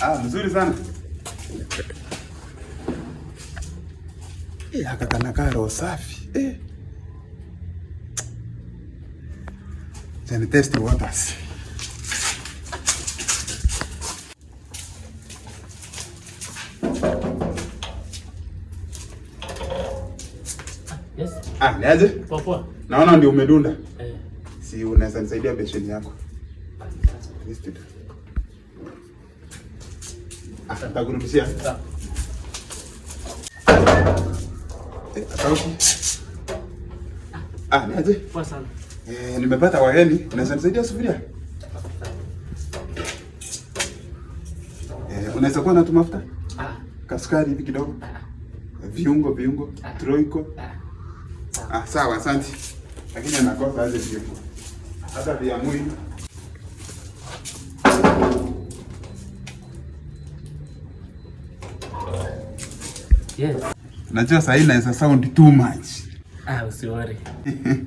Ah, mzuri sana. Eh, haka kanakaa roho safi. Eh. Then test waters. Ah, niaje? Poa poa. Naona ndio umedunda. Eh. Si unaweza nisaidia besheni yako. Listed. Atakurudishia. Eh, ah, eh, nimepata wageni. Unaweza nisaidia sufuria? Eh, unaweza kuwa na tu mafuta? Ah. Kasukari hivi kidogo. Ah, ah. Viungo, viungo, troiko. Ah, sawa, asante. Lakini anakosa aje viungo. Hata vya mwili. Yes. Najua sahii naweza sound too much. Ah, usiwori.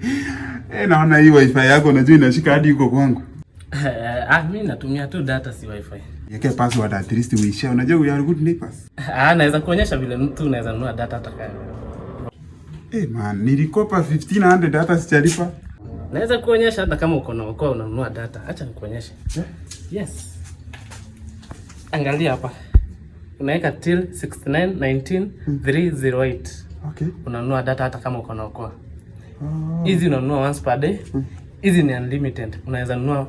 Eh, naona hii wifi yako najua inashika hadi huko kwangu. Ah, mimi natumia tu data si wifi. Yeke password at least uishia. Unajua we are good neighbors. Ah, naweza kuonyesha vile mtu unaweza nunua data hata kama. Eh, man, nilikopa 1500 data sijalipa. Naweza kuonyesha hata kama uko na uko unanunua data. Acha nikuonyeshe. Yeah? Yes. Angalia hapa unaweka till 6919 308 okay. Unanunua data hata kama uko na okoa hizi, ah. unanunua once per day hizi hmm. Ni unlimited, unaweza nunua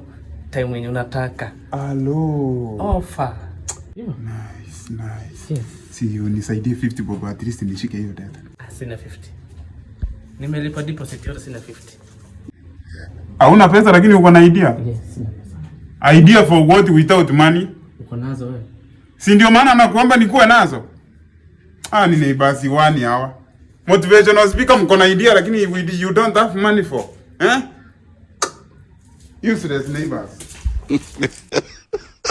time wenye unataka. Hello. Offer. Nice, nice. Yes. Si unisaidie 50 bob, at least nishike hiyo data. Ah, sina 50. Nimelipa deposit yote sina 50. Hauna pesa lakini uko na idea? Yes, sina pesa. Idea for what without money? Uko nazo wewe. Si ndio maana nakuomba nikuwe nazo. Ah, ni neighbors wani hawa. Motivational speaker mko na idea lakini you don't have money for. Eh? Useless neighbors.